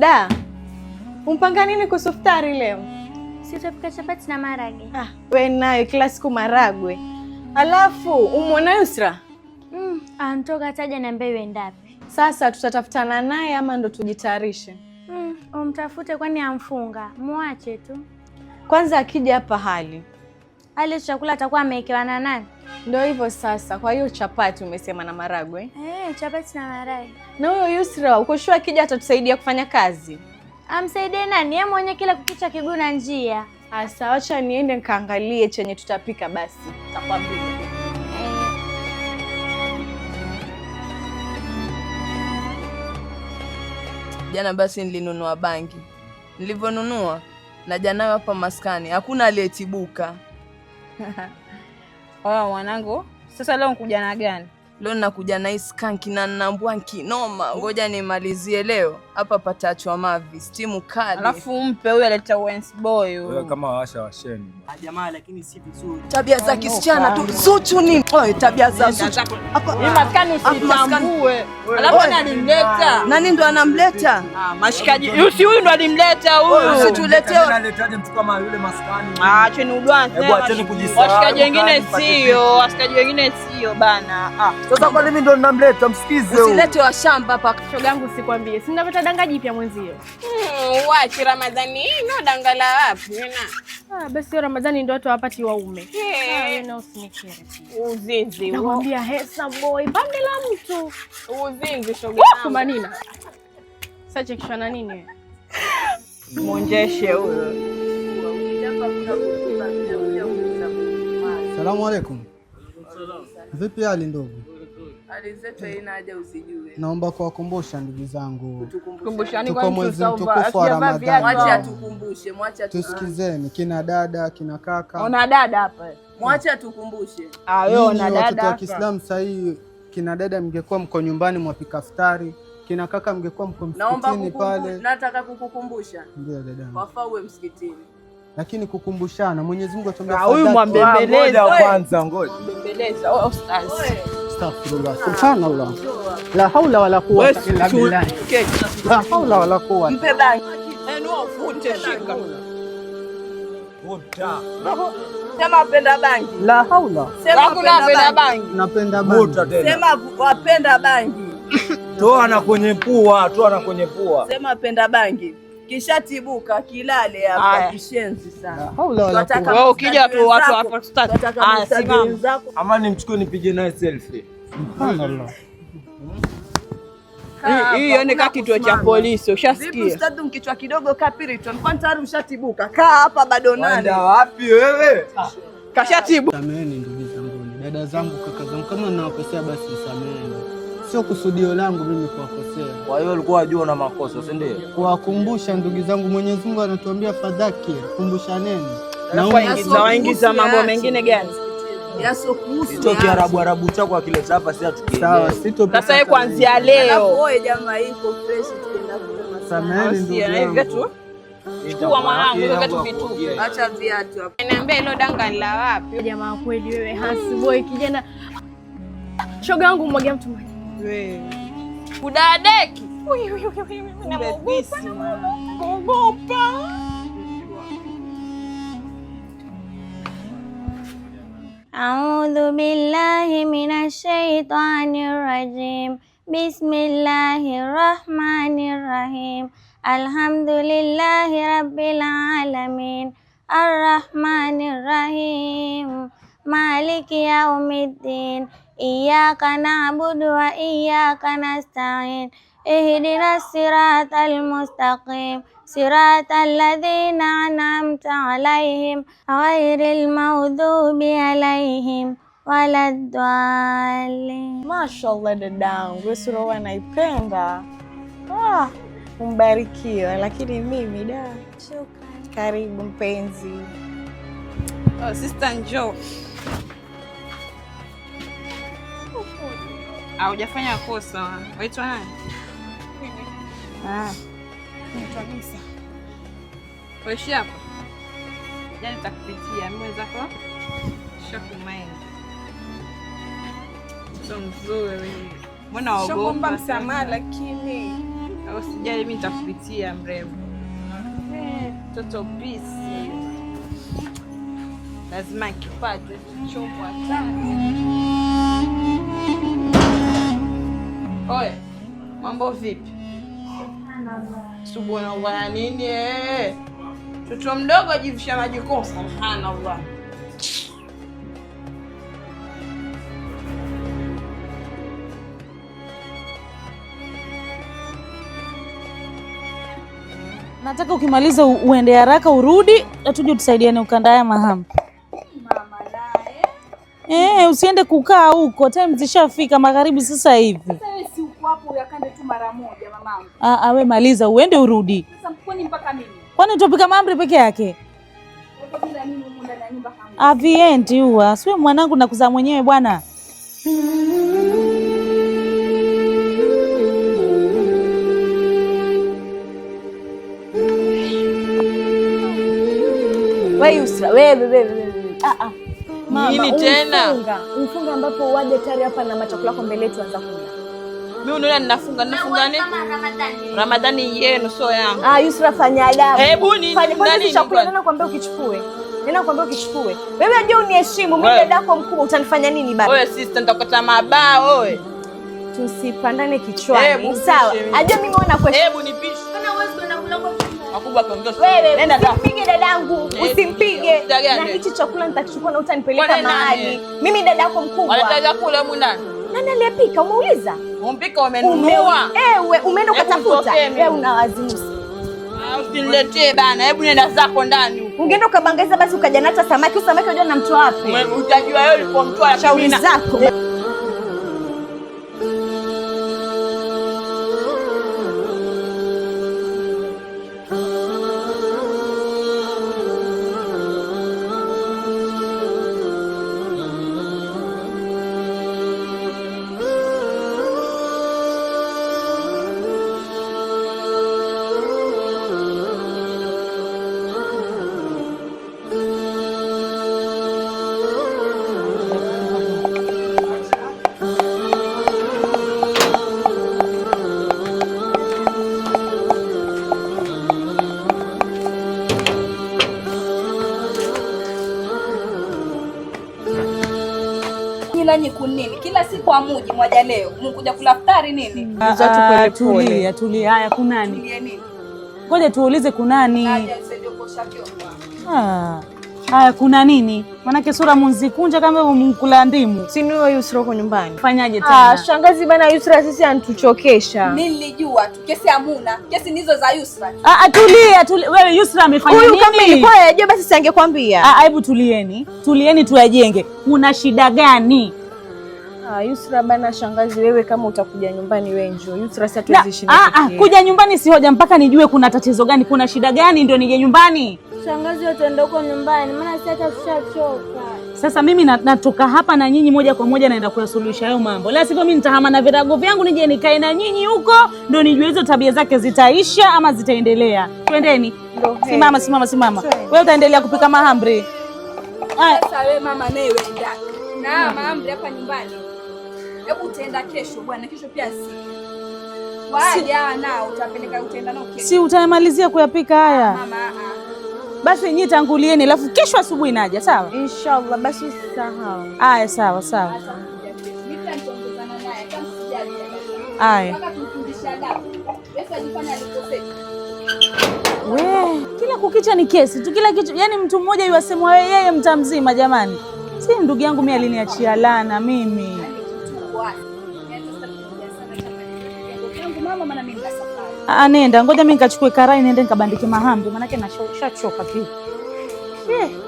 Da, umpanga nini kuhusu futari leo? Si utapika chapati na marage? Ah, we nayo kila siku maragwe. Alafu umwona Yusra? Mm, antoka taja na mbeu endapi. Sasa tutatafutana naye ama ndo tujitayarishe? Mm, umtafute kwani amfunga, muache tu kwanza. Akija hapa hali hali chakula atakuwa amewekewa na nani? Ndio hivyo sasa. Kwa hiyo chapati umesema na maragwe eh? E, chapati na maragwe. Na huyo Yusra ukoshua akija atatusaidia kufanya kazi? Amsaidie nani? Yeye mwenye kila kukicha kiguna njia. Asa, acha niende nikaangalie chenye tutapika basi, tutakwambia. Jana basi nilinunua bangi, nilivyonunua na jana hapa maskani hakuna aliyetibuka Oya mwanangu, sasa leo nkuja na gani? Leo nakuja na iskanki na nambua noma. Ngoja nimalizie leo hapa patachwa mavi stimu kali. Alafu mpe huyo aleta Wens boy huyo. Kama washa washeni. Ah, jamaa lakini si vizuri. Tabia za ah, kisichana tu Suchu ni Oye tabia za Suchu ni maskani usitambue. Alafu anamleta. Nani ndo anamleta? Ah, mashikaji. Yusi huyu ndo alimleta huyu. Usituletee. Analetaje mtu kama yule maskani? Ah, acheni udwanze. Hebu acheni kujisahau. Washikaji wengine sio, washikaji wengine sio hiyo bana. Ah, sasa kwa nini ndo namleta Msikize, usilete wa shamba hapa. Shoga yangu, sikwambie, si ninavyota danga jipya mwenzio. Hmm, wachi Ramadhani hii ndo danga la wapi? Ah, basi hiyo Ramadhani ndo watu hawapati waume. Hey. Ah, usinikere. Uzinzi. Nakwambia hesa boy, pande la mtu. Uzinzi shoga yangu. Manina. Sasa chekishwa na nini? Mwonjeshe huyo. Salamu alaykum. Vipi hali ndugu? Hali zetu haina haja usijue. Naomba kuwakumbusha ndugu zangu, tuko mwezi mtukufu wa Ramadhani. Mwache atukumbushe, mwache tusikizeni kina dada kina kaka. Ona dada hapa. Mwache atukumbushe. Ah, wewe una dada. Watoto wa Kiislamu sasa hivi kina dada mngekuwa mko nyumbani mwapika iftari, kina kaka mngekuwa mko msikitini pale. Naomba kukumbusha, nataka kukukumbusha. Ndio dada. Wafaa uwe msikitini lakini kukumbushana, Mwenyezi Mungu atuambia ah, huyu mwambembeleza ah, kwanza, ngoja mwambembeleza mbembeleza subhanallah, la haula wala quwwata illa billah, la haula wala quwwata. Mpe bangi ufute, yaani shika sema penda bangi, la haula, sema kuna penda bangi, napenda bangi, sema wapenda bangi, toa na kwenye pua, toa na kwenye pua, sema penda bangi Kishatibuka kilale hapa kishenzi sana. Wewe ukija tu watu hapa tutaka simama. Ama nimchukue nipige naye selfie. Subhanallah. Hii yaani ka kituo cha polisi ushasikia. Ustadhi mkichwa kidogo kapiriton. Kwa tayari ushatibuka. Kaa hapa bado nani? Wanda wapi wewe? Ah. Kashatibu. Sameni ndugu zangu, dada zangu, kaka zangu kama nawakosea basi sameni sio kusudio langu mimi kuwakosea. Kwa hiyo ulikuwa unajua na makosa, si ndio? Kuwakumbusha ndugu zangu, Mwenyezi Mungu anatuambia fadhaki, kumbusha kumbushaneni. Na waingiza mambo mengine gani? Sio kiarabu arabu chako akileta hapa si hatukielewi. Sasa kuanzia leo eh, vitu Acha viatu hapo. niambia hilo danga ni la wapi? Jamaa kweli wewe, hasi boy kijana shoga yangu mwagia mtu kudadeki naogopa. A'udhu billahi minash shaitanir rajim. Bismillahirrahmanirrahim. Alhamdulillahi rabbil alamin. Arrahmanirrahim. maliki yaumiddin iyaka na'budu wa iyyaka nasta'in ihdina siratal mustaqim siratal ladzina an'amta alaihim ghairil maghdubi alaihim waladwali. Mashallah, dadangu sura anaipenda. Ah, umbarikiwa. Lakini mimi da, karibu mpenzi. Oh, sister, njoo Haujafanya kosa. Waitwa nani? Ah. Naitwa Bisa. Waishi hapa? Jana takupitia mimi wenzako. Shakumaini. Sio mzuri. Mbona waogopa? Shakuomba msamaha lakini usijali mimi nitakupitia mrembo. Mtoto eh. Bisa lazima kipate chombo atani. Oye, mambo vipi? Subhanallah, nini eh? Mtoto mdogo ajivisha majukumu. Subhanallah. Nataka ukimaliza uende haraka urudi, atuje tusaidiane ukandaya mahamu. Eh, usiende kukaa huko, time zishafika magharibi sasa hivi. Sasa wewe ah, ah, maliza uende urudi. kwani mpaka mimi? utapika peke yake? Aviendi huwa siwe mwanangu, nakuzaa mwenyewe bwana. Wewe wewe wewe wewe. Ah ah nini tena mfunga, ambapo waje tayari hapa na machakula yako mbele yetu, anza kula. Mimi unaona ninafunga ninafunga nini? Ramadhani Ramadhani yenu sio yangu. Ah, Yusra fanya adabu. Hebu nini? Nani chakula nina nakwambia ukichukue? Nina nakwambia ukichukue? Wewe unajua uniheshimu, mimi dada yako mkubwa utanifanya nini baba? Wewe sister nitakukata mabao wewe. Tusipandane kichwani. Sawa. Ajua mimi naona kwa Hebu nipishe. Kana uwezo Makubwa kaongea. Wewe usimpige dadangu, usimpige. Na hichi chakula nitakichukua na utanipeleka mahali. Mimi dada yako mkubwa. Anataka kula huko Nani aliyepika? Umeuliza? Umpika umenunua. Ewe umeenda ukatafuta. Wewe una wazimu. Ah, usiniletee bana, hebu nenda zako ndani Ungeenda ukabangaza basi ukaja na hata samaki, samaki unajua namtoa wapi? Utajua wewe ulipomtoa shauri zako. si kwa muji mwaja leo mkuja kula futari nini? Tulia mm. tulia, ah, haya kunani? Ngoja tuulize kunani. Ah, haya kuna nini? Manake sura munzikunja kama mkula ndimu. Si ndio Yusra huko nyumbani? Fanyaje ah, tena? Ah, shangazi bana Yusra sisi antuchokesha. Mm. nilijua tu kesi hamuna. Kesi nizo za Yusra. Ah, tulia tulia. Wewe Yusra amefanya nini? Huyu kama ilikuwa yajua basi singekwambia. Ah, hebu tulieni. Tulieni tuyajenge. Kuna shida gani? Ah, Yusra bana shangazi, wewe kama utakuja nyumbani wewe njoo. Yusra sasa tuwezi shinda. Ah, ah, kuja nyumbani si hoja mpaka nijue kuna tatizo gani, kuna shida gani ndio nije nyumbani. Shangazi wataenda huko nyumbani, maana sasa hata tushachoka. Sasa mimi natoka hapa na nyinyi moja kwa moja naenda kuyasuluhisha hayo mambo. La sivyo mimi nitahama na virago vyangu nije nikae na nyinyi huko ndio nijue hizo tabia zake zitaisha ama zitaendelea. Twendeni. Simama, simama, simama. Wewe utaendelea kupika mahamri. Sasa wewe mama naye wewe ndio. Na mahamri hapa nyumbani. Hebu utaenda kesho bwana, kesho pia si na utapeleka utaenda nao kesho. Si utamalizia kuyapika haya ah, mama. Ah, ah. Basi nyinyi tangulieni, alafu kesho asubuhi naja, sawa? Inshallah. Basi usisahau Aya, Sawa sawa, Aya, We, kila kukicha ni kesi tu, kila kitu yani, mtu mmoja yuwasemwa yeye mta mzima. Jamani, si ndugu yangu mimi aliniachia lana mimi Anenda, ah, ngoja mimi nikachukue karai niende nikabandike mahambi maanake nashachoka pia. Eh.